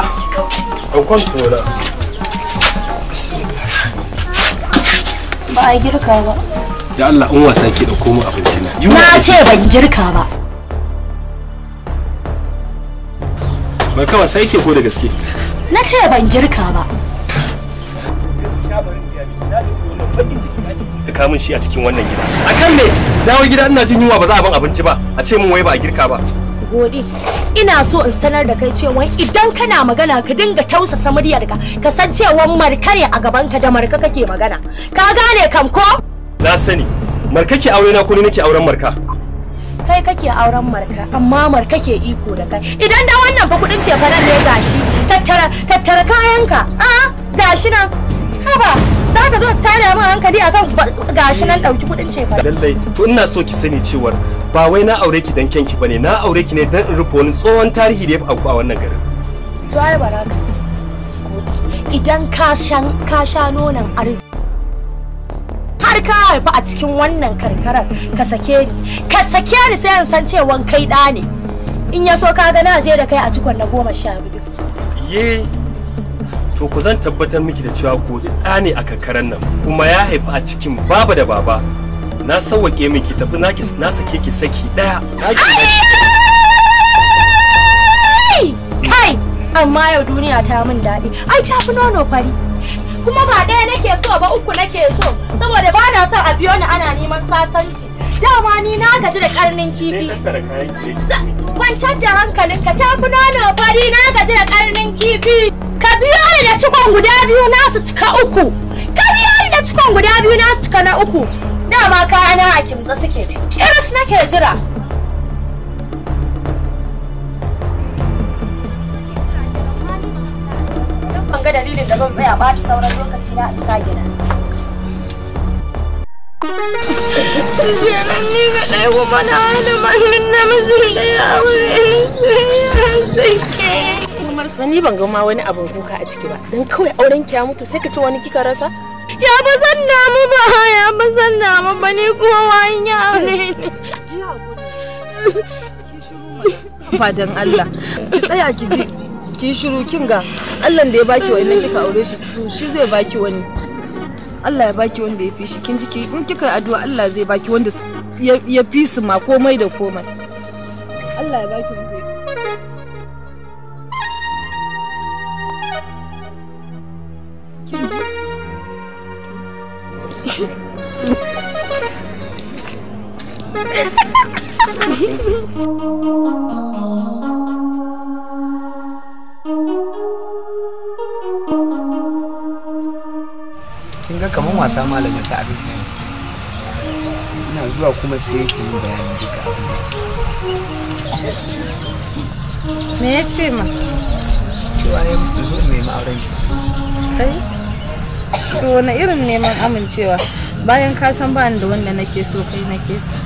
haka ba a girka ba da Allah in wasa ke da komo abinci na na ce ban girka ba bai kawai sai ke ko da gaske na ce ban girka ba da kamun shi a cikin wannan gida akan me dawo gida ina jin yunwa ba za a ban abinci ba a ce min wai ba a girka ba gode ina so in sanar da kai cewa idan kana magana ka dinga tausasa muryarka ka san cewa marka ne a gaban ka da marka kake magana ka gane kam ko na sani marka ke aure na ko nake auren marka kai kake auren marka amma marka ke iko da kai idan da wannan fa kudin cefanen ne gashi tattara tattara kayanka a gashi nan haba za ka zo tare min hankali akan gashi nan dauki kudin cefa lallai to ina so ki sani cewar ba wai na aure ki dan kyanki bane na aure ki ne dan in rufe wani tsohon tarihi da ya faru a wannan garin to ai baraka ce idan ka shan ka sha nonon arziki har ka haifi a cikin wannan karkarar ka sake ni ka sake ni sai in san cewa kai da ne in ya so ka ga na je da kai a cikon na goma sha biyu ye to ku zan tabbatar miki da cewa gobe ɗa ne a karkarar nan kuma ya haifi a cikin baba da baba na sauwake miki tafi na na sake ki saki daya na kai amma yau duniya ta min daɗi ai ta fi nono fari kuma ba ɗaya nake so ba uku nake so saboda ba na son a biyo ni ana neman sasanci dama ni na gaji da karnin kifi kwantar da ka, ta fi nono fari na gaji da karnin kifi ka biyo ni da cikon guda biyu nasu cika uku ka biyo ni da cikon guda biyu nasu cika na uku dama kayana a kimtsa suke iris nake jira ban ga dalilin da zan tsaya ba ta sauran lokaci na isa gida Shikenan ni ga ɗaya kuma na wani manin namijin da ya aure sai ya sake. Ni ban ga ma wani abin kuka a ciki ba, don kawai auren kya mutu sai ka ci wani kika rasa? ya ba san damu ba ya ba san damu ba ni kuma wani ya aure ne ba Allah ki tsaya ki ji ki shiru kin ga Allah da ya baki wannan kika aure shi su shi zai baki wani Allah ya baki wanda ya fi shi kin ji ki in kika addu'a Allah zai baki wanda ya fi su ma komai da komai Allah ya baki wanda kin ga kamar wasa malam ya sa abin nan ina zuwa kuma sai yake yi bayani duka me ya ce ma cewa ya mutu zo in nemi auren sai to wani irin neman amincewa bayan ka san ba ni da wanda nake so kai nake so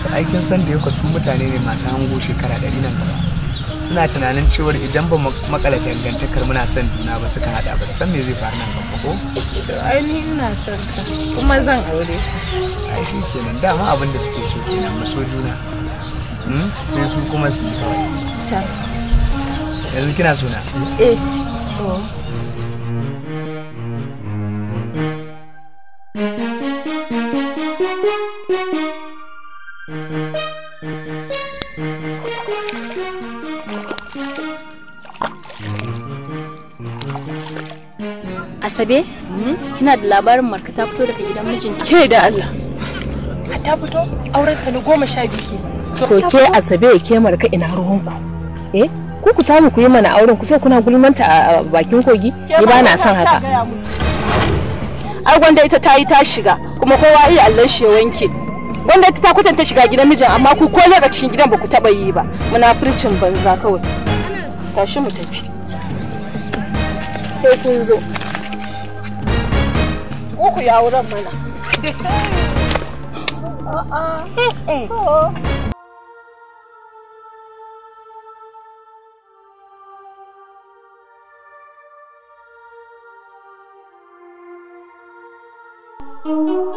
to aikin san da yake sun mutane ne masu hango shekara ɗari nan gaba suna tunanin cewar idan ba makala dangantakar muna son juna ba suka hada ba san me zai faru nan gaba ko ai ni ina son ka kuma zan aure ai shi kenan dama abin da suke so kenan maso juna hmm? sai su kuma su yi kawai yanzu kina suna eh to Asabe, hmm? kina da labarin Marka ta fito daga gidan mijinta. Ke da Allah. Ta fito auren ta na goma sha biyu To ke Asabe ke Marka ina ku. Eh, ku ku samu ku yi mana auren ku sai kuna gulmanta a bakin kogi? Ni ba na son haka. Ai gwanda ita ta yi ta shiga kuma kowa iya Allah shi wanke. Gwanda ta kwatanta shiga gidan mijin amma ku ko daga cikin gidan ba ku taba yi ba. Muna furcin banza kawai. Tashi mu tafi. Sai kun zo. uku ya wurin mana Ooh. Ah, ah. uhum.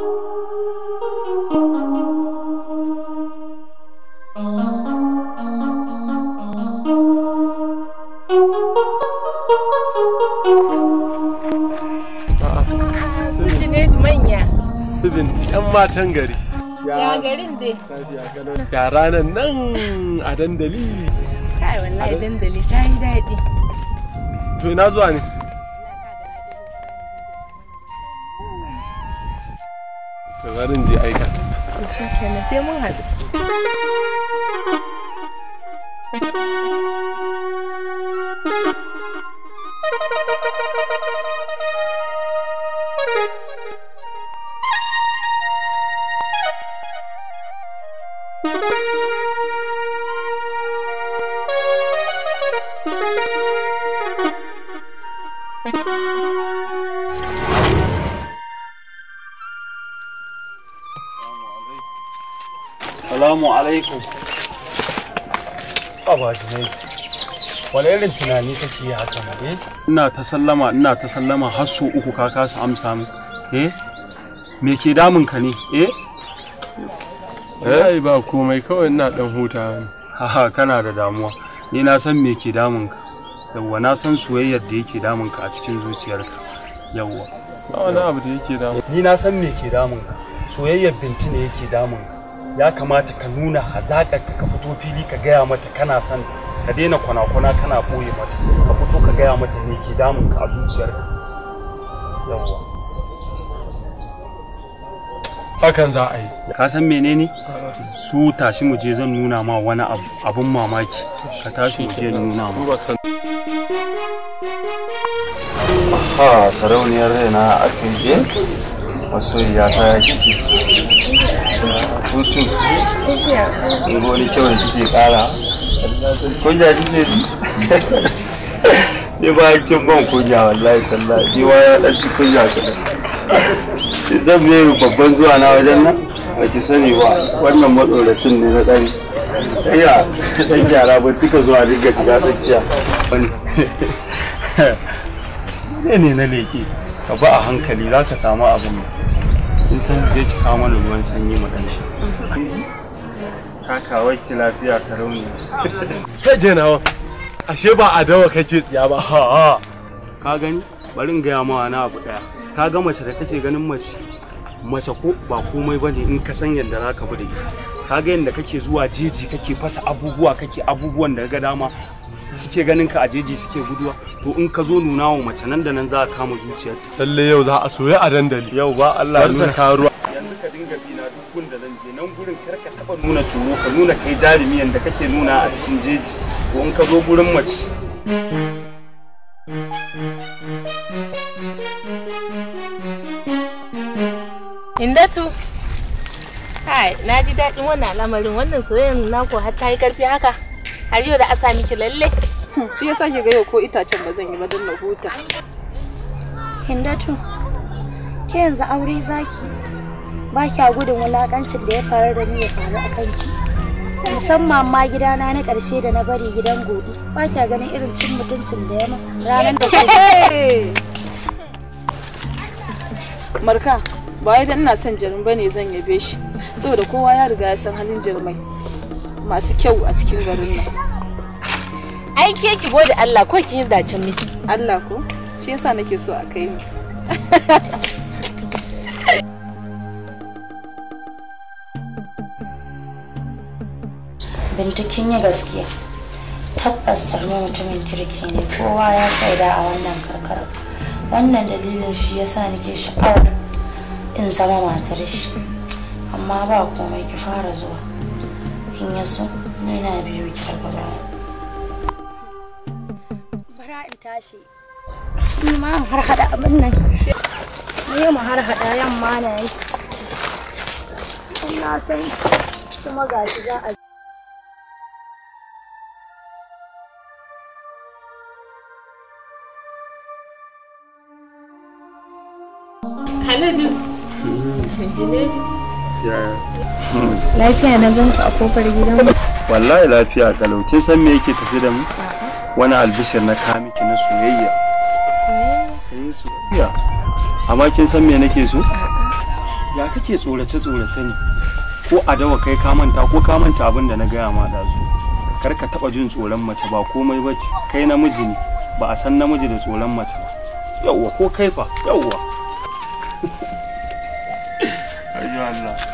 matan gari. Ya garin dai. Ya ranar nan a dandali. Kai wallahi dandali ta yi daɗi. To ina zuwa ne? alaikum. Aba irin tunani kake yi haka ne? Eh? Ina ta sallama ina ta sallama har so uku ka kasa amsa min. Eh? Me ke damun ka ne? Eh? Wallahi ba komai kawai ina dan huta ne. Haha kana da damuwa. Ni na san me ke damun ka. Yawwa na san soyayyar da yake damun ka a cikin zuciyarka. Yawwa. Ba wani abu da yake damun. Ni na san me ke damun ka. Soyayyar bintu ne yake damun ka. ya kamata ka nuna hazaƙar ka fito fili ka gaya mata kana son ka daina kwana-kwana kana ɓoye mata ka fito ka gaya mata ne ke damun ka a ka yawwa hakan za a yi ka san menene su tashi mu je zan nuna ma wani abun mamaki ka tashi mu je nuna ma aha sarauniyar rena a cikin masoyiya ta ya kike hutun ɗebo wani kyau da kike kara kunya kike ji ne ba a cikin ban kunya wallahi tallahi ni ma ya ɗan ci kunya kaɗan zan biyu babban zuwa na wajen nan ba ki sani ba wannan matsoracin ne na ɗari iya ɗan gyara ba suka zuwa dinga shiga tsakiya ne ne na leke ka ba a hankali za ka samu abin in san je ki kawo mana ruwan sanyi mu dan Ka kawo ki lafiya sarauni kai je nawa ashe ba a dawa kake tsiya ba ka gani bari in gaya ma na abu daya ka ga mace da kake ganin mace mace ko ba komai bane in ka san yadda zaka bi da ita ka ga yadda kake zuwa jeji kake fasa abubuwa kake abubuwan da ga dama suke ganin ka a jeji suke guduwa to in ka zo nuna wa mace nan da nan za a kama zuciyar lalle yau za a soya a dandali yau ba Allah ya nuna karuwa yanzu ka dinga bina duk gun da zan je nan gurin kar ka taba nuna tsoro ka nuna kai jarumi yanda kake nuna a cikin jeji ko in ka zo gurin mace Indatu, hai, na ji daɗin wannan lamarin wannan soyayyar naku har ta yi ƙarfi haka. har yau da asa miki lalle shi yasa ki ga yau ko itacen ba zan yi ba don na huta hindatu ke yanzu aure zaki ba kya gudun wulakancin da ya faru da ni ya faru a kanki musamman ma gidana na ƙarshe da na bari gidan gobe ba kya ganin irin cin mutuncin da ya ma ranar da marka ba wai dan ina son jarum bane zan yabe shi saboda kowa ya riga ya san halin jarumai masu kyau a cikin garin nan ai ke ki gode Allah ko kin dace miki Allah ko shi yasa nake so a kai ni Binta kin yi gaskiya tabbas tarmi mutumin kirki ne kowa ya shaida a wannan karkara wannan dalilin shi yasa nake sha'awar in zama matar shi amma ba komai ki fara zuwa in ya so yana biyo bara in tashi ni ma har hada abin nan mu har hada yamma na yi na san kuma gashi za a lafiya na gan a kofar gidan wallahi lafiya kalau kin san me yake tafi da mu wani albishir na ka miki na soyayya eh, soyayya amma kin san me nake so ya kake tsorace tsorace ne ko a dawa kai ka manta ko ka manta abin da na gaya ma da su kar ka taba jin tsoron mace ba komai ba ce kai namiji ne ba a san namiji da tsoron mace ba yawwa ko kai fa yawwa Allah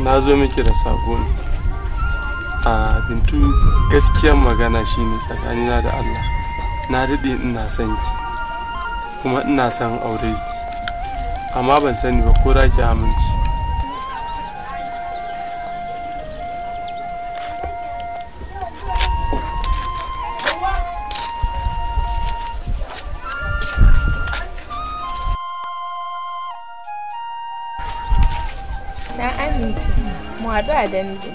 na zo miki da sabo ne a bintu gaskiyar magana shine tsakanina da Allah na daɗe ina son ki kuma ina son aure ki amma ban sani ba ko da ki aminci hardware identity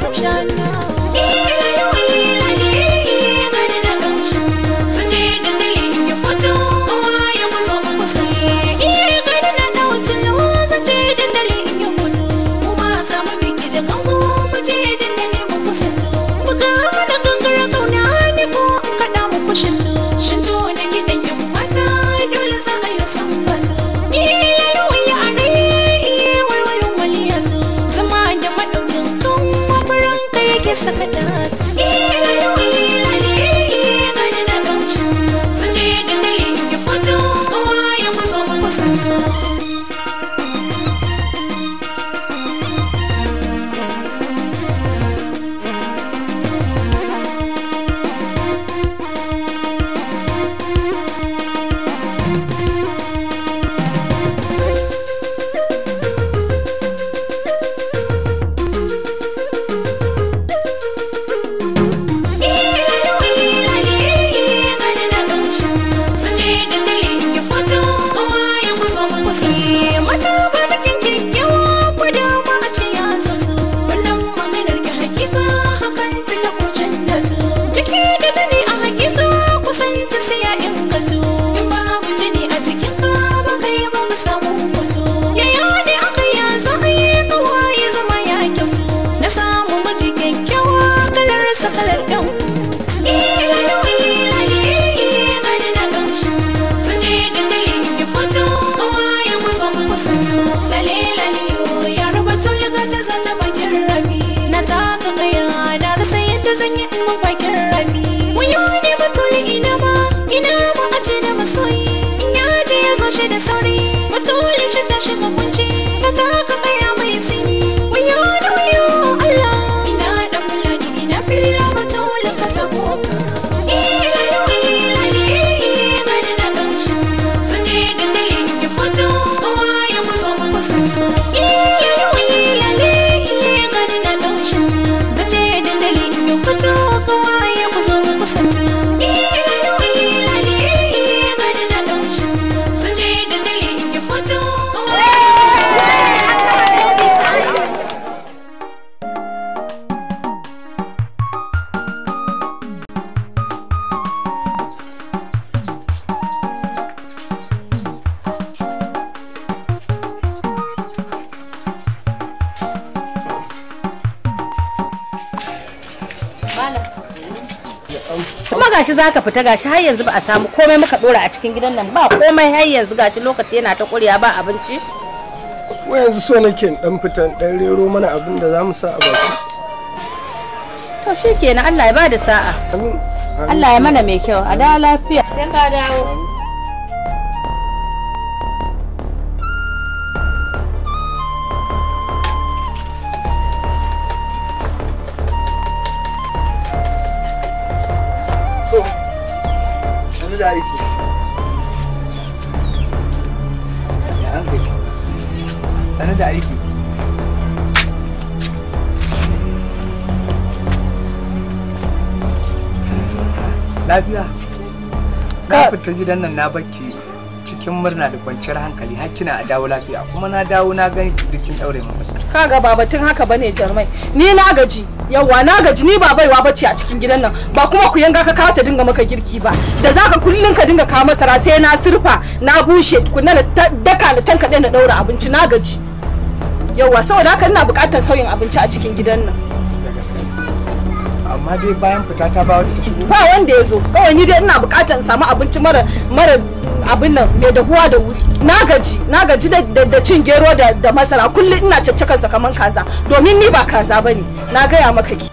Deception sauri wata wuli shi ta shiga gashi zaka fita gashi har yanzu ba a samu komai muka dora a cikin gidan nan ba komai har yanzu gashi lokaci yana ta kurya ba abinci ko yanzu so nake dan fitan dan rero mana abin da zamu sa a baki to shikenan Allah ya bada sa'a amin Allah ya mana mai kyau a da lafiya sai ka dawo fita gidan nan na baki cikin murna da kwanciyar hankali har kina a dawo lafiya kuma na dawo na gani dukkin daure mu fuska kaga baba tun haka bane jarmai ni na gaji yawa na gaji ni ba baiwa bace a cikin gidan nan ba kuma ku yanga ka kawo ta dinga maka girki ba da zaka kullun ka dinga kawo masara sai na surfa na bushe tukunna da daka da tanka na daura abinci na gaji yawa saboda haka ina bukatar sauyin abinci a cikin gidan nan amma dai bayan fita ta ba wanda ta shigo ba wanda ya zo kawai ni dai ina bukatar in samu abinci mara mara abin nan mai dahuwa da wuri na gaji na gaji da cin gero da masara kullum ina caccakan sa kaman kaza domin ni ba kaza bane na gaya maka ki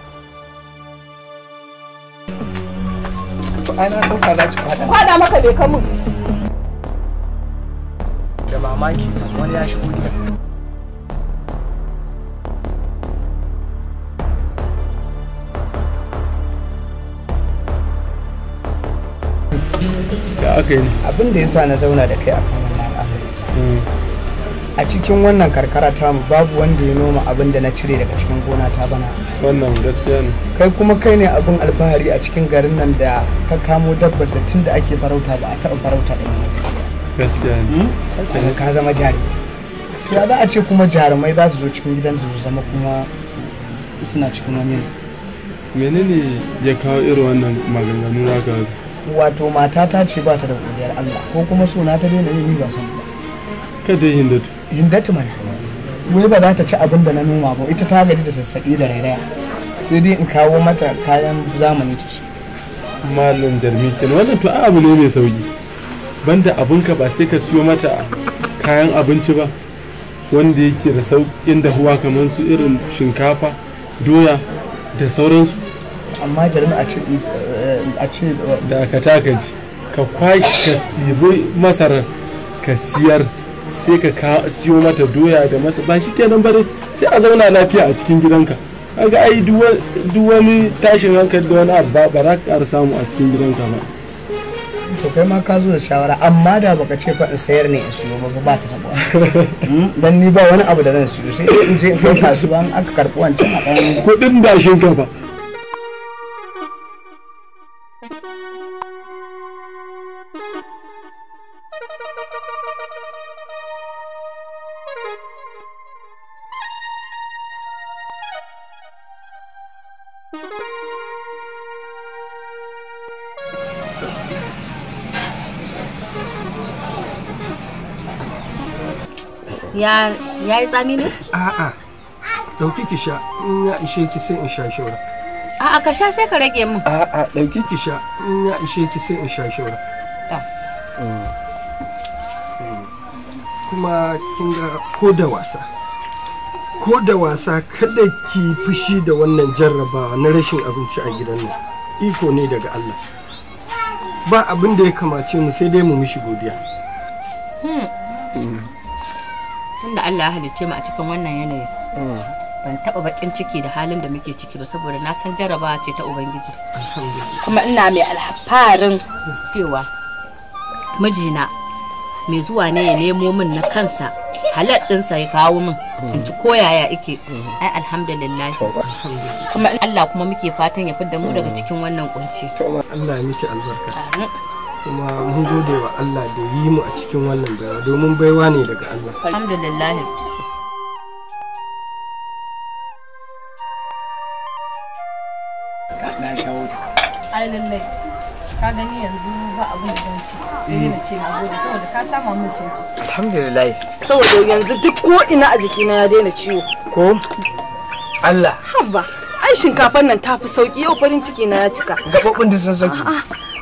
to ai na dauka za ki fada fada maka bai kamun da mamaki wani ya shigo gidan da aka yi abin da ya sa na zauna da kai kan wannan abin a cikin wannan karkara ta mu babu wanda ya noma abin da na cire daga cikin gona ta bana wannan gaskiya ne kai kuma kai ne abin alfahari a cikin garin nan da ka kamo dabbar da tun da ake farauta ba a taɓa farauta da gaskiya hmm? ne ka zama jari ya za a ce kuma jarumai za su zo cikin gidan su zama kuma suna cikin wani menene ya kawo irin wannan maganganu na wato matata ce ba ta da godiyar Allah ko kuma suna ta daina yi ba san ba kada hindatu hindatu mana wai ba za ta ci abin da na noma ba ita ta gaji da sassaƙi da rairaya sai dai in kawo mata kayan zamani ta shi malam jarmi kenan wannan to abu ne mai sauki banda abinka ba sai ka siyo mata kayan abinci ba wanda yake da sauƙin dahuwa kamar su irin shinkafa doya da sauransu amma Jarumi a ce a ce da aka taka ji ka kwashi ka ɗibi masarar ka siyar sai ka siyo mata doya da masa ba shi kenan bare sai a zauna lafiya a cikin gidanka kaga ai duk wani tashin hankali da wani abu ba za ka samu a cikin gidanka ba to kai ma ka zo da shawara amma da baka ce fa in sayar ne in siyo ba ba ta sabuwa dan ni ba wani abu da zan siyo sai in je in kai kasuwa in aka karbi wancan a kan kudin bashin ka ba ya yi tsami ne? A'a, ɗauki ki sha, in ya ishe ki sai in sha shaura. A'a ka sha sai ka rage min. A'a ɗauki ki sha, in ya ishe ki sai in sha shaura. Mm. Mm. Kuma kin ga ko da wasa. Ko da wasa kada ki fushi da wannan jarrabawa na rashin abinci a gidan nan. Iko ne daga Allah. Ba abin da ya kamace mu sai dai mu mishi godiya. Hmm. da Allah ya halicce mu a cikin wannan yanayi mm. ban taba bakin ciki da halin da muke ciki ba saboda na san jaraba ce ta ubangiji kuma ina mai alfarin cewa mijina mai zuwa ne ya nemo min na kansa halal ɗinsa ya kawo min mm. in ci koyaya ike mm. ai alhamdulillah kuma Allah kuma muke fatan ya fidda mu daga cikin wannan kunci Allah ya miki albarka kuma mun gode wa Allah da yi mu a cikin wannan baiwa domin baiwa ne daga Allah alhamdulillah na shawo ai lallai ka gani yanzu ba abin da zan ci sai na ce na gode saboda ka sama min sauki alhamdulillah saboda yanzu duk ko ina a jikina ya daina ciwo ko Allah haba ai shinkafar nan ta fi sauki yau farin ciki na ya cika gababin duk sun sauki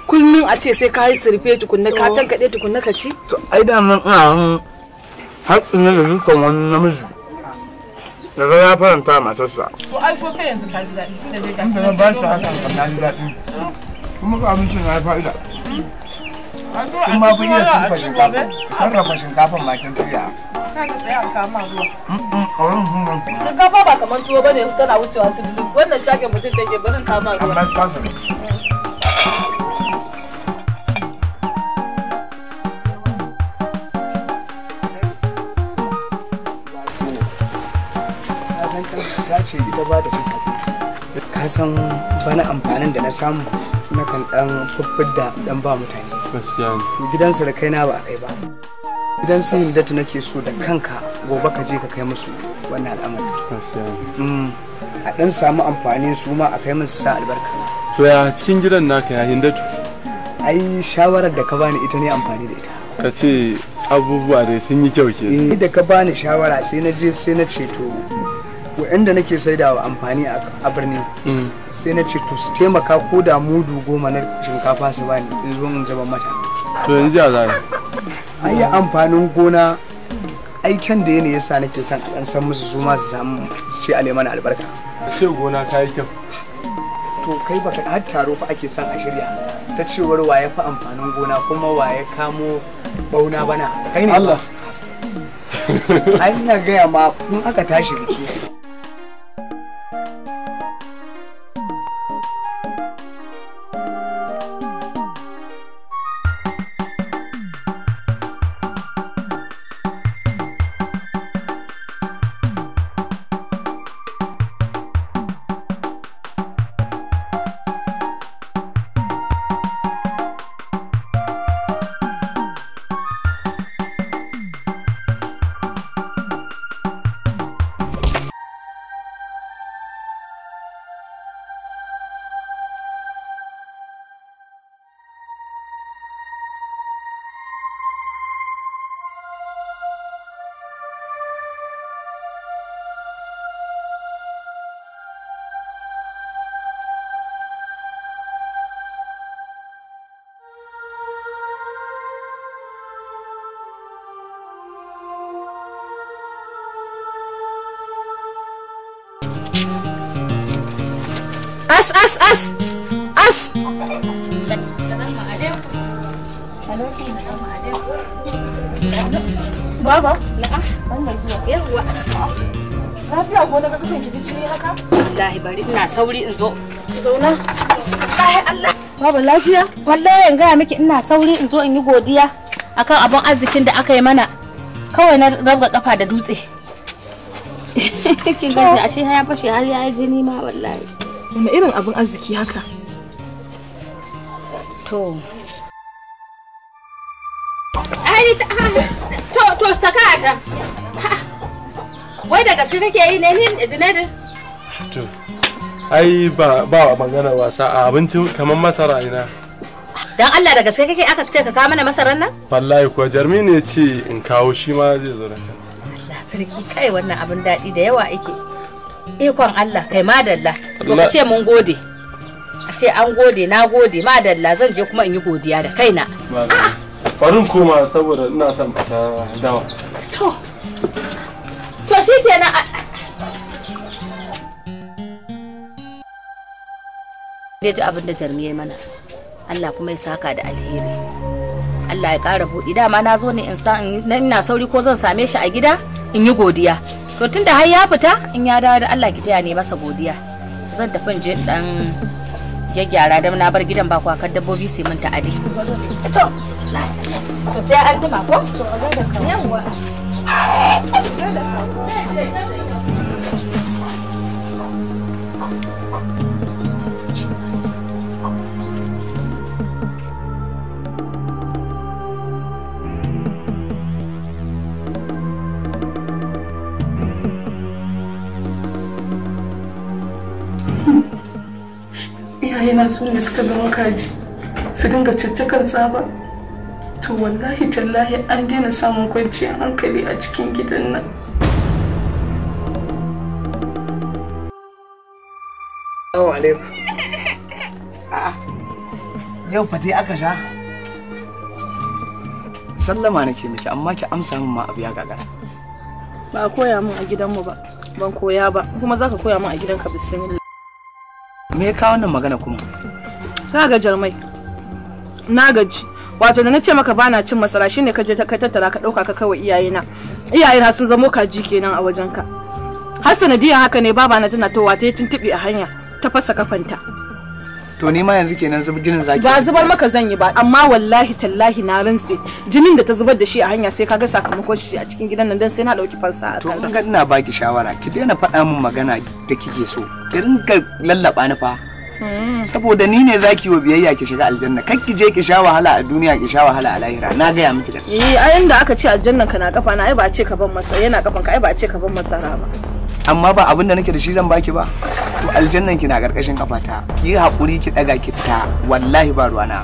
kullum a ce sai ka yi surfe tukunna ka tankaɗe tukunna ka ci? To ai da nan ina har ina da dukkan wani namiji da ya faranta matarsa. To ai ko kai yanzu ka ji daɗi da dai ka Ina ba ta haka ka ji daɗi. Kuma ka abincin na fa'ida. Kun ma kun iya sarrafa shinkafa. Sarrafa shinkafan bakin tuya. Ka tsaya a kama ruwa. Shinkafa ba kamar tuwo bane tana wucewa su Wannan shakin mutum take barin kama ruwa. Amma ka sani. ce ita ba da shi ka san bana amfanin da na samu na kan dan da dan ba mutane gaskiya gidan su da kai na ba kai ba gidan su ta nake so da kanka gobe ka je ka kai musu wannan al'amari mm. a dan samu amfani su ma a kai musu sa albarka to ya cikin gidan naka ya hindatu ai shawarar da ka bani ita ne amfani da ita ka ce abubuwa dai sun yi kyau ke eh, da ka bani shawara sai na je sai na ce to wa'anda nake saida wa amfani a birni mm. sai na ce to su taimaka ko da mudu goma na shinkafa su bani in zo in zuba mata to yanzu ya zai ai amfanin gona aikin da yana yasa nake son a san musu su ma su samu su ce aleman albarka a ce gona ta yi kyau to kai baka har taro fa ake son a shirya ta cewar waye fa amfanin gona kuma waye kamo bauna bana kai ne Allah ai ina gaya ma kun aka tashi biki as as as Baba? Na'a. San mai zuwa. yawa Lafiya ko na ga kake ki haka? Wallahi bari ina sauri in zo. Zauna. Allah. Baba lafiya? Wallahi yanga gaya miki ina sauri in zo in yi godiya akan abun arzikin da aka yi mana. Kawai na rabga kafa da dutse. Kin gaji ashe ya fashe har ya yi jini ma wallahi. wani irin abin arziki haka to ta to to sakata wai daga gaske kake yi ne ni jinadin to ai ba ba magana wasa a abinci kamar masara ina dan Allah da gaske kake aka ce ka kawo mana masarar nan wallahi kuwa jarmi ne ce in kawo shi ma zai zo da kansa Allah sarki kai wannan abin daɗi da yawa ake ikon Allah kai madalla baka ce mun gode a ce an gode na gode ma madalla zan je kuma in yi godiya da kaina farin koma saboda ina son fita dawa to to shi shikenan ne ji abin da jarmi ya mana Allah kuma ya saka da alheri Allah ya ƙara buɗi dama na zo ne in sa ina sauri ko zan same shi a gida in yi godiya to tunda har ya fita in ya dawo da Allah ki taya ne masa godiya zan tafi je dan ya gyara dan na bar gidan ba kwakar dabbobi sai mun ta'adi to to sai an tuma ko to ga da yawa na su ne suka zama kaji su dinga caccakan tsaba to wallahi tallahi an daina samun kwanciyar hankali a cikin gidan nan yau fa dai aka sha sallama nake miki amma ki amsa min ma abu ya gagara ba a koya min a gidanmu ba ban koya ba kuma zaka koya min a gidanka bismillah me ya kawo wannan magana kuma na ga jarmai na gaji wato da na ce maka bana cin masara shine ka je ka tattara ka dauka ka kawai iyayena iyayena sun zamo kaji kenan a wajenka har sanadiyan haka ne babana tana towa ta yi tuntuɓe a hanya ta fasa kafanta to nima ma yanzu kenan jinin zaki ba zubar maka zan yi ba amma wallahi tallahi na rantse jinin da ta zubar da shi a hanya sai kaga sakamakon shi a cikin gidan nan dan sai na dauki fansa to in ga ina baki shawara ki daina faɗa min magana da kike so ki rinka lallaba ni fa hmm. saboda ni ne zaki wa biyayya ki shiga aljanna kar ki je ki sha wahala a duniya ki sha wahala a lahira na gaya miki da eh a aka ce aljannan ka na kafa na ai ba a ce ka ban masa yana kafan ka ai ba a ce ka ban masara ba amma ba abin da nake da shi zan baki ba to aljannan ki na karkashin kafata ki haƙuri hakuri ki daga ki ta wallahi ba ruwana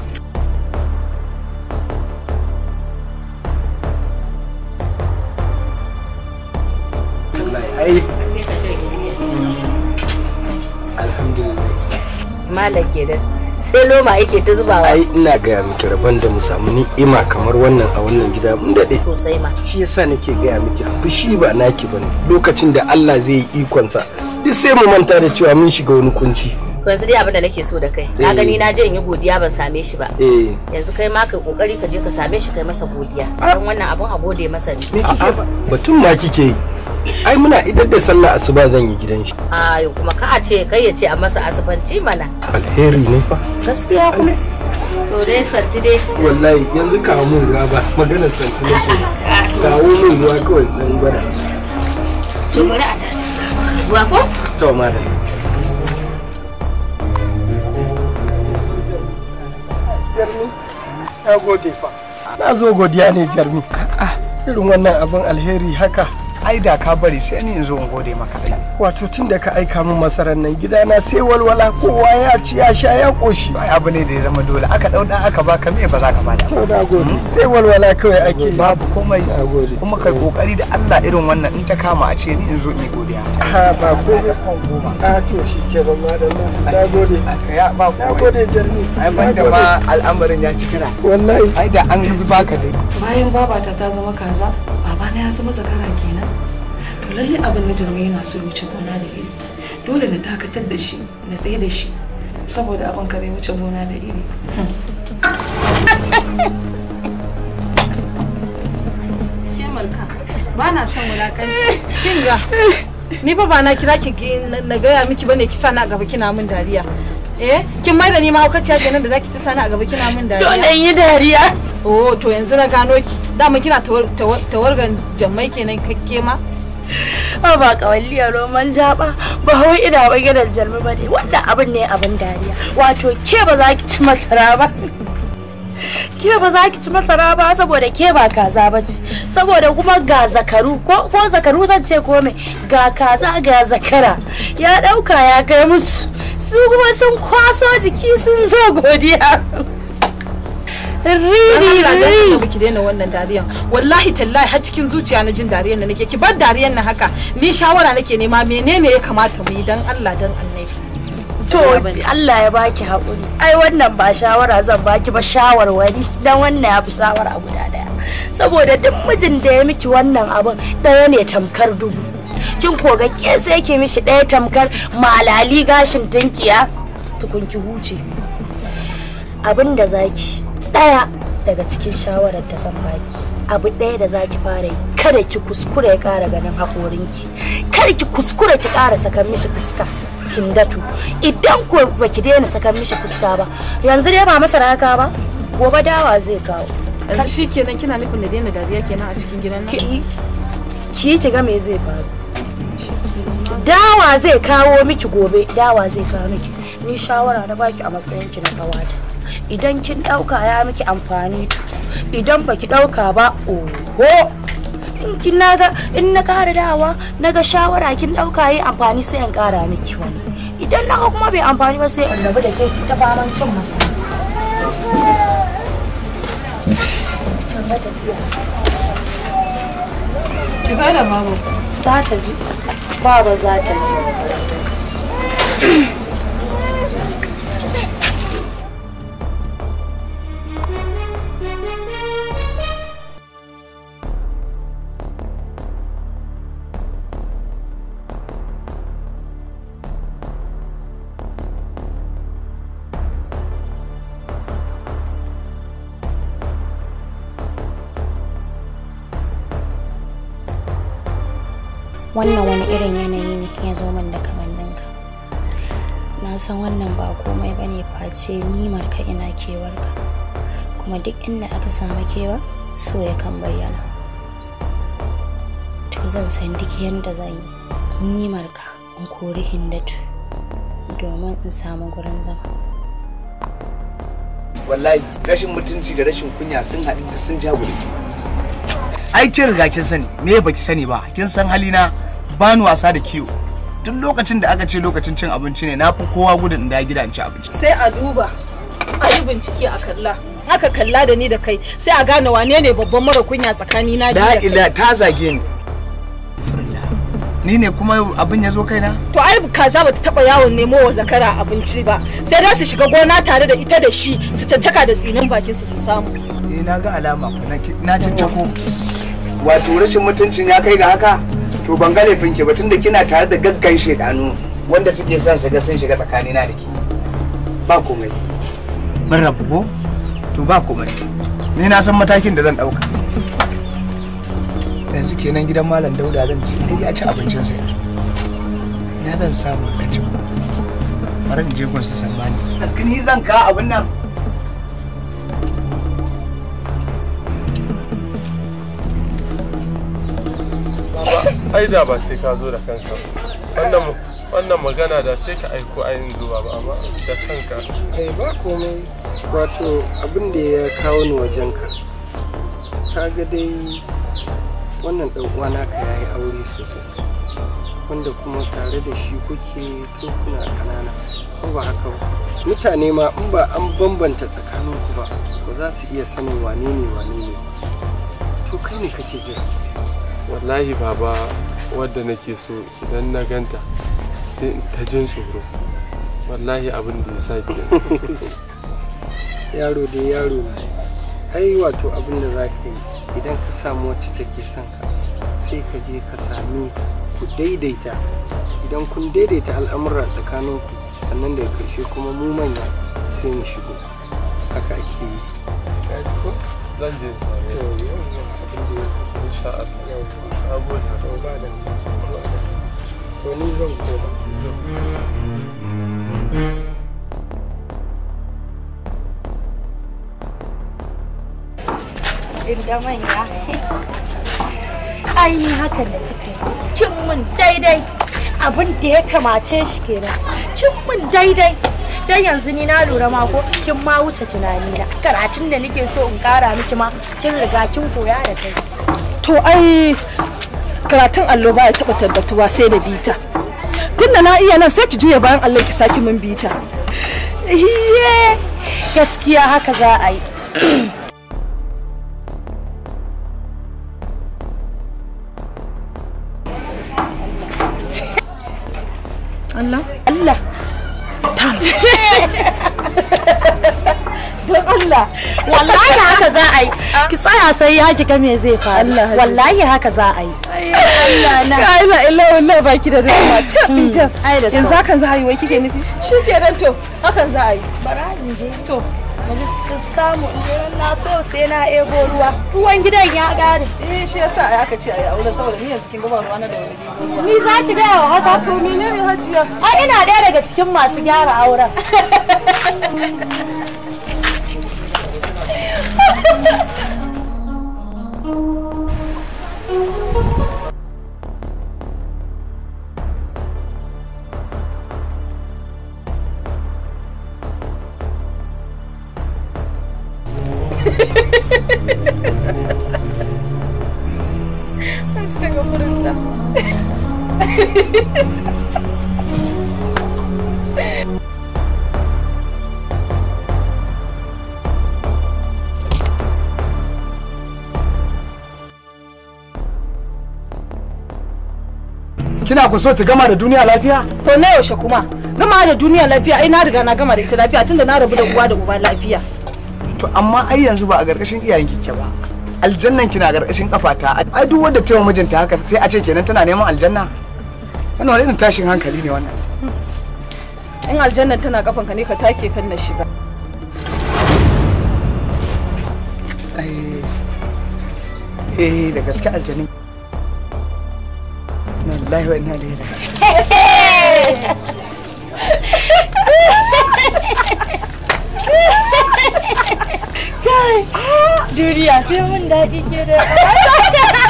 Alhamdulillah. Malak sai loma yake ta wa ai ina gaya miki rabon da mu samu ni'ima kamar wannan a wannan gida mun daɗe sosai ma shi yasa nake gaya miki fushi ba naki bane lokacin da Allah zai yi ikonsa duk sai mu manta da cewa mun shiga wani kunci yanzu dai abin da nake so da kai na eh. gani na je in yi godiya ban same shi ba eh. yanzu kai ma kai kokari ka je ka same shi kai masa godiya ah. don wannan abun a gode masa ne batun ma kike yi ai muna idar da sallah asuba zan yi gidan shi ai kuma ka a ce kai ya ce a masa asubanci mana alheri ne fa gaskiya kuma to dai santi dai wallahi yanzu kawo mu ga ba magana santi ne ke kawo mu ruwa kawai dan gwada to bari a tashi ruwa ko to madam Na gode fa. Na zo godiya ne Jarmi. A'a ah. irin wannan abin alheri haka. ai da ka bari sai ni in zo in gode maka ai wato tun da ka aika min masarar nan gidana sai walwala kowa ya ci ya sha ya koshi ba abu ne da ya zama dole aka dauda aka baka me ba za ka bada to da gode hmm? sai walwala kawai ake babu komai kuma kai kokari da Allah irin wannan in ta kama a ce ni in zo in gode ha ba komai kan goma a to shi ke ba madalla da gode ya ba ko da gode jarmi ai ban da ma al'amarin ya ci tira wallahi ai da an zuba ka dai bayan babata ta zama kaza babana ya zama zakara kenan lalle abin na jirma yana so wuce gona da iri dole na dakatar da shi na tsaye da shi saboda abin ka zai wuce gona da iri ke ba na son wulakanci kinga ni fa ba na kira ki na gaya miki bane ki a gaba kina min dariya eh kin mai da ni mahaukaciya kenan da zaki ta sani a gaba kina min dariya dole yi dariya oh to yanzu na gano ki dama kina tawargan jammai kenan kake ma ba kawalliya roman jaba ba hau ina ba gidan jalmi ba ne wannan abin ne abin dariya wato ke ba za ki ci masara ba ke ba za ki ci masara ba saboda ke ba kaza ba ce saboda kuma ga zakaru ko zakaru zan ce ko mai ga kaza ga zakara ya ɗauka ya kai musu su kuma sun kwaso jiki sun zo godiya really riri ba ki daina wannan dariyan wallahi tallahi har cikin zuciya na jin dariyan da nake ki bar dariyan nan haka ni shawara nake nema menene ya kamata mu yi dan Allah dan annabi to Allah ya baki haƙuri ai wannan ba shawara zan baki ba shawarwari dan wannan ya fi shawara guda daya saboda duk mijin da ya miki wannan abin daya ne tamkar dubu kin koga ke sai ke mishi daya tamkar malali gashin tunkiya tukunki huce abin da zaki ɗaya daga cikin shawarar da zan baki abu ɗaya da zaki fara yi kada ki kuskure ya ƙara ganin ki kada ki kuskure ki ƙara sakan mishi fuska kindatu idan ko baki daina sakan mishi fuska ba yanzu dai ba masa ka ba gobe dawa zai kawo yanzu shi kenan kina nufin da daina dariya kenan a cikin gidan nan ki ki ga me zai faru dawa zai kawo miki gobe dawa zai kawo miki ni shawara na baki a matsayin ki na kawata idan kin ɗauka ya miki amfani idan baki ɗauka ba oho in kin naga in na ƙara dawa naga shawara kin ɗauka yi amfani sai in kara miki wani idan naga kuma bai amfani ba sai in rabu da ke ta faman cin masa Ki bada babu. Za ta ji. Baba za ta ji. san wannan ba komai bane face face nimarka ina kewarka kuma duk inda aka samu kewa so ya kan bayyana to zan san duk yadda zan yi nimarka in kori hindatu domin in samu gurin zama wallahi rashin mutunci da rashin kunya sun haɗu da sun jagure ai kin riga kin sani me baki sani ba kin san halina bani wasa da kiwo duk lokacin da aka ce lokacin cin abinci ne na fi kowa gudun da gida in ci abinci sai a duba a yi bincike a kalla aka kalla da ni da kai sai a gane wane ne babban mara kunya tsakani na da ila ta zage ni ni ne kuma abin ya zo kaina to ai kaza bata taba yawon nemo wa zakara abinci ba sai za su shiga gona tare da ita da shi su caccaka da tsinin bakin su su samu eh na ga alama na caccako wato rashin mutuncin ya kai ga haka to ban ga laifin ki ba tunda kina tare da gaggan shedanu wanda suke son shiga sun shiga tsakanina da ke ba komai mun rabu ko to ba komai ni na san matakin da zan dauka yanzu kenan gidan malam dauda zan je dai a ci abincin sa yanzu ya zan samu kaci bara in je gunsa sammani tsakani zan ka abin nan ai da ba sai ka zo da kanka wannan wannan magana da sai ka aiko ainihin zuwa ba amma da kanka kai eh, ba komai wato abin da ya kawo ni wajen ka ga dai wannan dan uwana ka yayi aure sosai wanda kuma tare da shi kuke tukuna kanana ko ba haka ba mutane ma in ba an bambanta tsakaninku ba ba za su iya sanin wane ne wane ne to kai ne kake jira wallahi baba wadda nake so idan na ganta sai in ta jin tsoro wallahi abin da ya sa ke yaro dai yaro ne ai wato abin da za ka yi idan ka samu wacce take son ka sai ka je ka sami ku daidaita idan kun daidaita al'amura tsakanin ku sannan daga karshe kuma mu manya sai mu shigo haka ake yi Thank you. insha Allah na gode to ba da to ni zan koma Inda manya. Ai ni hakan da kika yi. Cin mun daidai. Abin da ya kamace shi kenan. Cin mun daidai. dan yanzu ni na lura ma ko kin ma wuce tunani na karatun da nake so in kara miki ma kin riga kin koya da kai to ai karatun allo ba ya taɓa tabbatuwa sai da bita da na iya nan sai ki juya bayan allo ki saki min bita gaskiya haka za a yi Allah wallahi haka za a yi ki tsaya sai ya ji me zai faru wallahi haka za a yi Allah na ka ila ila wallahi baki da dama eh, can bijan hmm. eh, yanzu hakan za a yi wai kike nufi shi kenan to hakan za a yi bara in je to ka samu na sau sai na ebo ruwa ruwan gidan ya gare eh shi yasa ai aka ce ai a wurin saboda ni yanzu kin gaba ruwa na da wani ni za ki gaya wa haka to ne hajiya ai ina ɗaya daga cikin masu gyara auren 벌써 이거 모른다. ku so ta gama da duniya lafiya? To na yaushe kuma? Gama da duniya lafiya ai na riga na gama da ita lafiya tunda na rabu da uwa da uba lafiya. To amma ai yanzu ba a gargashin iyayen kike ba. Aljannan kina gargashin kafata. Ai duk wanda ta mijinta haka sai a ce kenan tana neman aljanna. Wannan wani irin tashin hankali ne wannan. In aljannan tana kafan ka ne ka take kan na shiga. Eh da gaske aljanin. Dah wen ali. Kai, duri aku mendaki kira.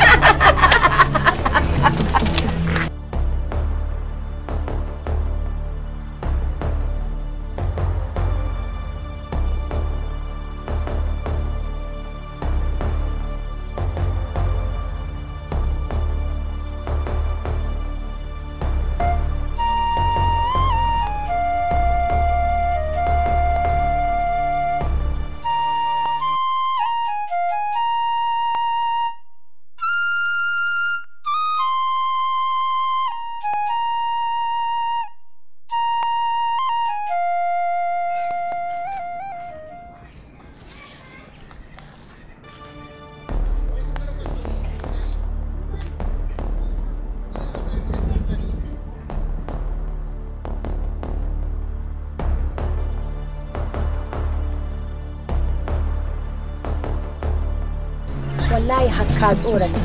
wallahi hakka tsorata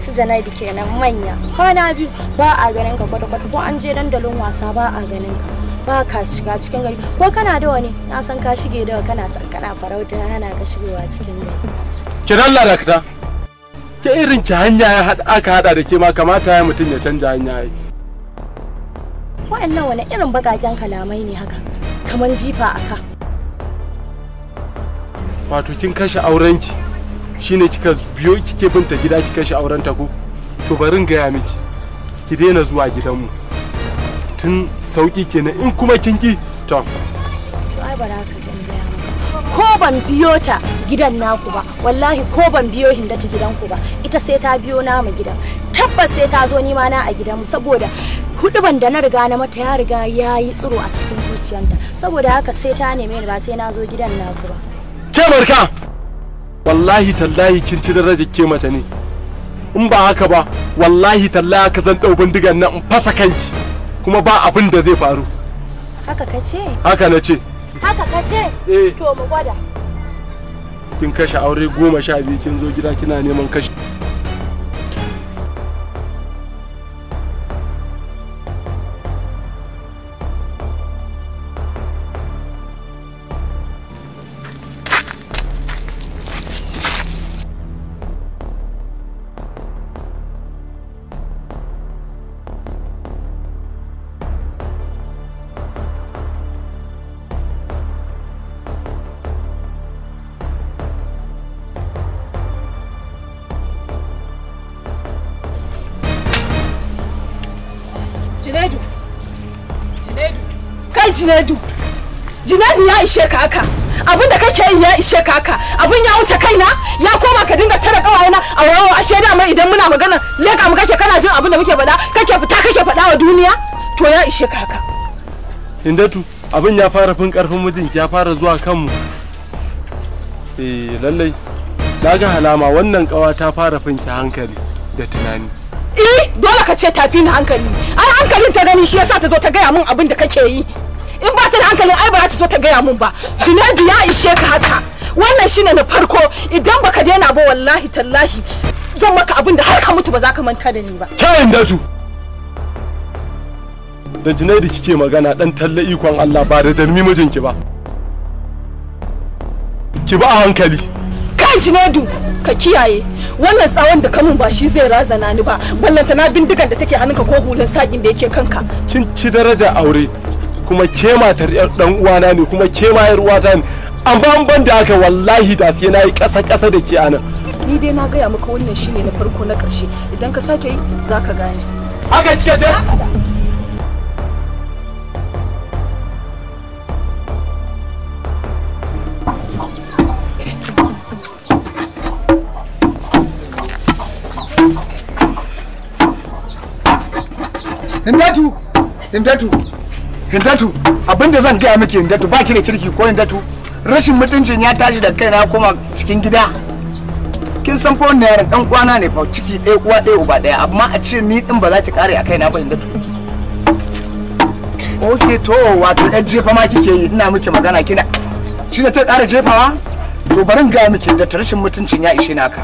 su janaidu kenan manya kwana biyu ba a ganin ka kwata-kwata ko an je dandalin wasa ba a ganin ka ba ka shiga cikin gari ko kana da wani na san ka shige dawa kana can kana farauta hana ka shigowa cikin gari ki dalla da kita ke irin ki hanya aka hada da ke ma kamata ya mutum ya canja hanya yi wa'annan wani irin bagagen kalamai ne haka kamar jifa a ka wato kin kashe aurenki shine kika biyo kike binta gida kika kashe aurenta ko to barin gaya miki ki daina zuwa gidanmu tun sauki kenan in kuma kin ki to ai san ko ban biyo ta gidan naku ba wallahi ko ban biyo hinda ta gidanku ba ita sai ta biyo mu gidan tabbas sai ta zo nima na a gidanmu saboda huduban da na riga na mata ya riga ya yi tsiro a cikin zuciyanta. saboda haka sai ta neme ni ba sai na zo gidan naku ba ke marka wallahi tallahi kin ci daraja ke mace ne in ba haka ba wallahi tallahi ka zan dau bindigan nan in fasa kanki kuma ba abin da zai faru haka ka ce haka na ce haka ka ce eh to mu gwada kin kashe aure goma sha biyu kin zo gida kina neman kashe jinadu jinadu ya ishe ka haka abin da kake yi ya ishe ka haka abin ya wuce kaina ya koma ka dinga tara kawayena a wawo ashe da mai idan muna magana leka mu kake kana jin abin da muke faɗa kake fita kake faɗa wa duniya to ya ishe ka haka Hindatu abin ya fara fin karfin mijinki ya fara zuwa kanmu eh lallai na ga halama wannan kawa ta fara ki hankali da tunani eh dole ka ce tafi ni hankali ai hankalin ta gani shi yasa ta zo ta gaya min abin da kake yi in ba ta da hankalin ai ba za ta so ta gaya mun ba junaidu ya ishe ka haka wannan shine na farko idan baka daina ba wallahi tallahi zan maka abin da har ka mutu ba za ka manta da ni ba kyayin Da da junaidu kike magana dan talla ikon Allah ba da dalmi mijinki ba ki ba hankali kai junaidu ka kiyaye wannan tsawon da kamun ba shi zai razana ni ba na bindigan da take hannunka ko hulan sakin da yake kanka kin ci daraja aure kuma ke matar dan uwana ne kuma ke ma yar uwata ne amma an ban da haka wallahi da sai na yi ƙasa ƙasa da ke anan ni dai na gaya maka wannan shine na farko na ƙarshe idan ka sake yi za ka gane haka kike ta Indatu! Indatu! hindatu abinda zan gaya miki hindatu ba ki da kirki ko hindatu rashin mutuncin ya tashi da kaina koma cikin gida kin san ko wannan yaran dan uwana ne fa ciki ɗaya uwa ɗaya uba ɗaya amma a ce ni din ba za ki kare a kaina ba hindatu ok to wato yar jefa ma kike yi ina miki magana kina shine ta ƙara jefawa to barin gaya miki da rashin mutuncin ya ishe naka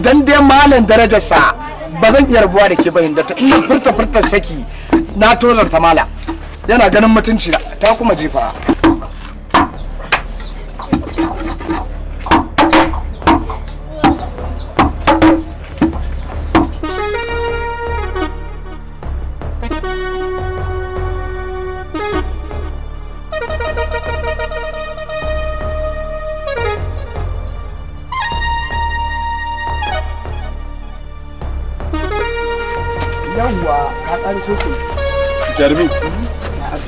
dan dai malam darajarsa ba zan iya rabuwa da ke ba hindatu ina furta furta saki na tozarta mala yana ganin mutunci ta kuma jefa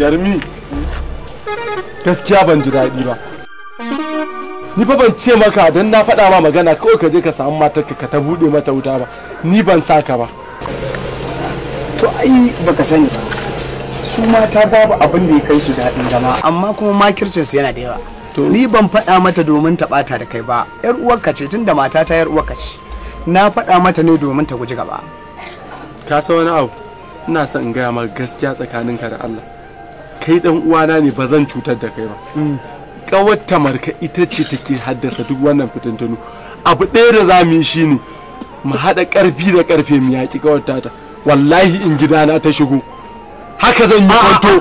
jarmi gaskiya ban ji daɗi ba ni fa ban ce maka don na faɗa ma magana kawai ka je ka samu matarka ka ta buɗe mata wuta ba ni ban saka ba to ai baka sani ba su mata babu abin da ya kai su daɗin zama amma kuma makircin su yana da yawa to ni ban faɗa mata domin ta ɓata da kai ba yar uwarka ce tunda mata ta yar uwarka ce na faɗa mata ne domin ta guji gaba ka san wani abu ina son in gaya ma gaskiya tsakaninka da Allah kai dan uwana ne ba zan cutar da kai ba kawar mm. tamarka ita ce take haddasa duk wannan fitintunu abu ɗaya da za mu yi shine mu haɗa ƙarfi da ƙarfe mu yaƙi kawar tata wallahi in gidana ta shigo haka zan yi kwanto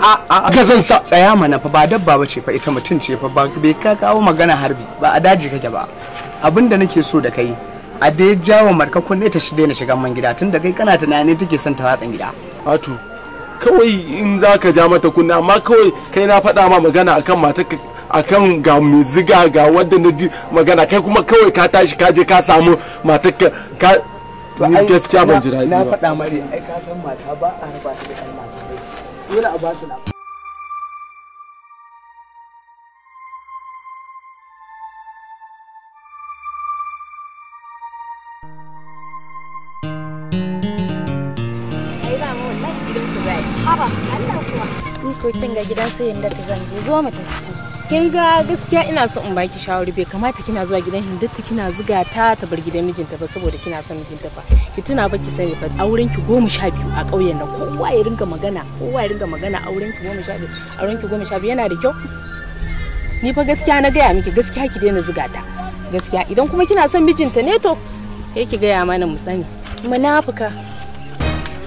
ga zan sa tsaya mana fa ba dabba bace fa ita mutum ce fa ba bai ka kawo magana harbi ba a daji kake ba abin da nake so da kai a dai jawo marka kunne ta shi daina shigan man gida tun kai kana tunani take son ta watsan gida wato kawai in za ka ja mata kunna amma kawai kai na faɗa ma magana akan mata akan ga mai ziga ga wadda na ji magana kai kuma kawai ka tashi ka je ka samu matar ka ni gaskiya ban ji daɗi ba na faɗa mare ai ka san mata ba a harba ta da kalma dole a ba su to kin ga gidan sai yanda ta zanje zo mata kin ga gaskiya ina so in baki shawari bai kamata kina zuwa gidan hindatti kina zuga ta ta bar gidan mijinta ba saboda kina son mijinta fa ki tuna ba ki sani fa auren ki goma sha biyu a ƙauyen nan kowa ya ringa magana kowa ya ringa magana auren ki goma sha biyu auren ki goma sha biyu yana da kyau ni fa gaskiya na gaya miki gaskiya ki daina zuga ta gaskiya idan kuma kina son mijinta ne to sai ki gaya mana mu sani munafuka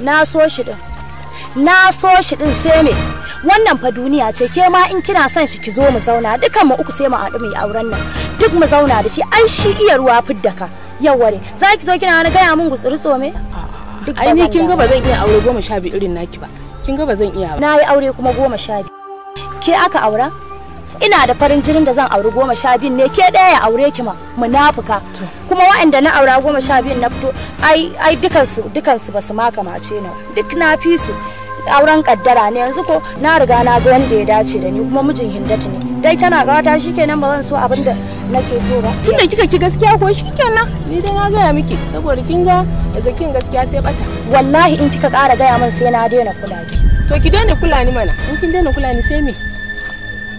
na so shi din na so shi din sai me wannan fa duniya ce ke ma in kina son shi ki zo mu zauna dukan mu uku sai mu haɗu mu yi auren nan duk mu zauna da shi ai shi iya ruwa fidda ka yawware za ki zo kina wani gaya min gutsuri tsome ai ni kin ga ba zan iya aure goma sha biyu irin naki ba kin ga ba zan iya ba na yi aure kuma goma sha biyu ke aka aura ina da farin jinin da zan aure goma sha biyu ne ke ɗaya ya aure ki ma munafuka kuma wa'anda na aura goma sha biyu na fito ai dukansu dukansu ba su ma kamace na duk na fi su auren kaddara ne yanzu ko na riga na ga wanda ya dace da ni kuma mijin hindatu ne dai tana shi shikenan ba zan so abin da nake so ba tun da kika ki gaskiya ko shikenan ni dai na gaya miki saboda kin ga daga kin gaskiya sai bata wallahi in kika ƙara gaya min sai na daina kula ki to ki daina kula ni mana in kin daina kula ni sai me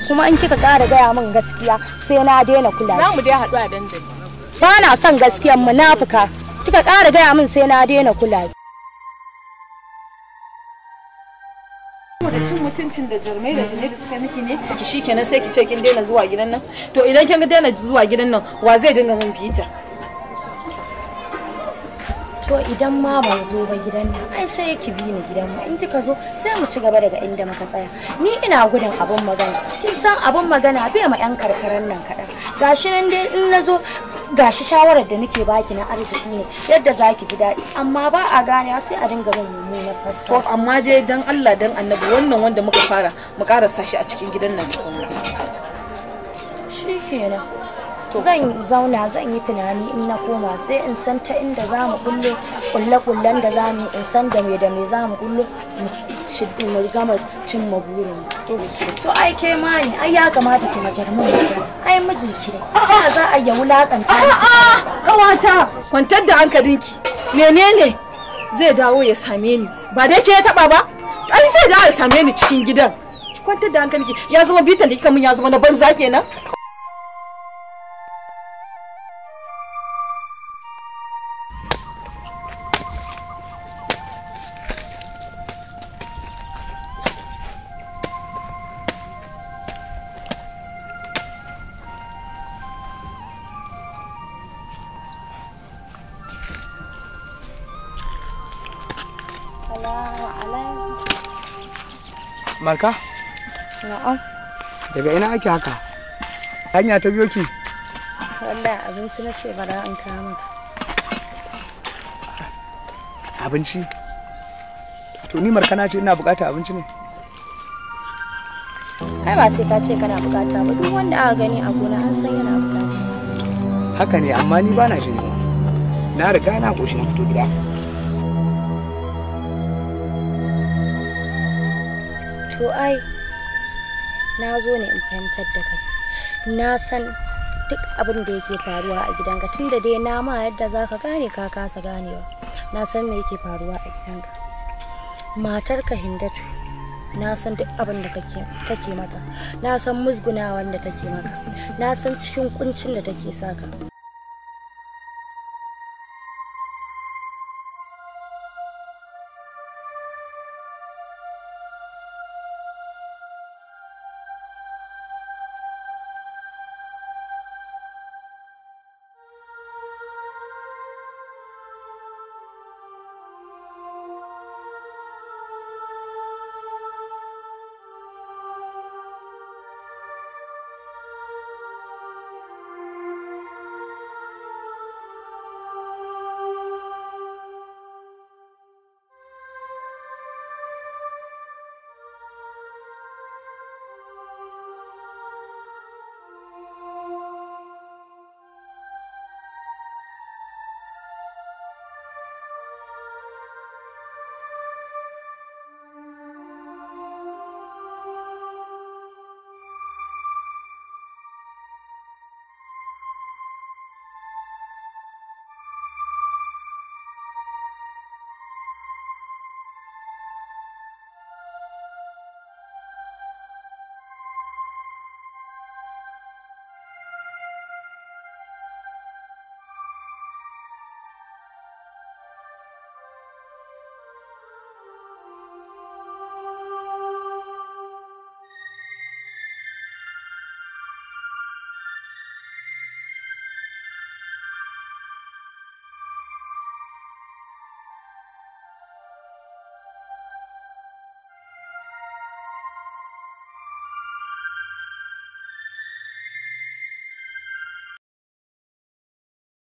kuma in kika ƙara gaya min gaskiya sai na daina kula za mu dai haɗu a dandali ba na son gaskiyan munafuka kika ƙara gaya min sai na daina kula mutuncin da jarumai da jini da suka miki ne ki kenan, sai ki ce kin daina zuwa gidan nan to idan kin daina zuwa gidan nan wa zai dinga min fita to idan ma ban zo ba gidan nan ai sai ki bi ni gidan mu in kika zo sai mu ci gaba daga inda muka tsaya ni ina gudun abun magana kin san abun magana bai ma yan karkaran nan kaɗan gashi nan dai in na zo gashi shawarar da nake baki na arziki ne yadda zaki ji daɗi amma ba a gane sai a dinga bin na fassara to amma dai dan Allah dan Annabi wannan wanda muka fara mu karasa shi a cikin gidan nan kenan zan zauna zan yi tunani in na koma sai in san ta inda za mu kullo kulle-kullen da za mu in san da me da me za mu kullo mu gama cin mu burin to ai ke ma ne ai ya kamata ki majar mu ai miji ki ne za a yi wulakanta a'a kawata kwantar da hankalinki menene zai dawo ya same ni ba dai ke ya taba ba ai zai dawo ya same ni cikin gidan kwantar da hankalinki ya zama bitan da kika mun ya zama na banza kenan marka na'am daga ina ake haka hanya ta biyo ki wallahi abinci na ce bara an kawo maka abinci to ni na ce ina bukata abinci ne ai ba sai ka ce kana bukata ba duk wanda aka gani a gona an san yana bukata haka ne amma ni ba na shi ne na riga na koshi na fito gida to ai na zo ne in fahimtar da kai na san duk abin da yake faruwa a gidanka tun da dai na ma yadda za ka gane ka kasa ganewa na san me yake faruwa a gidanka matar ka hindatu na san duk abin da take mata na san musgunawan da take maka na san cikin kuncin da take saka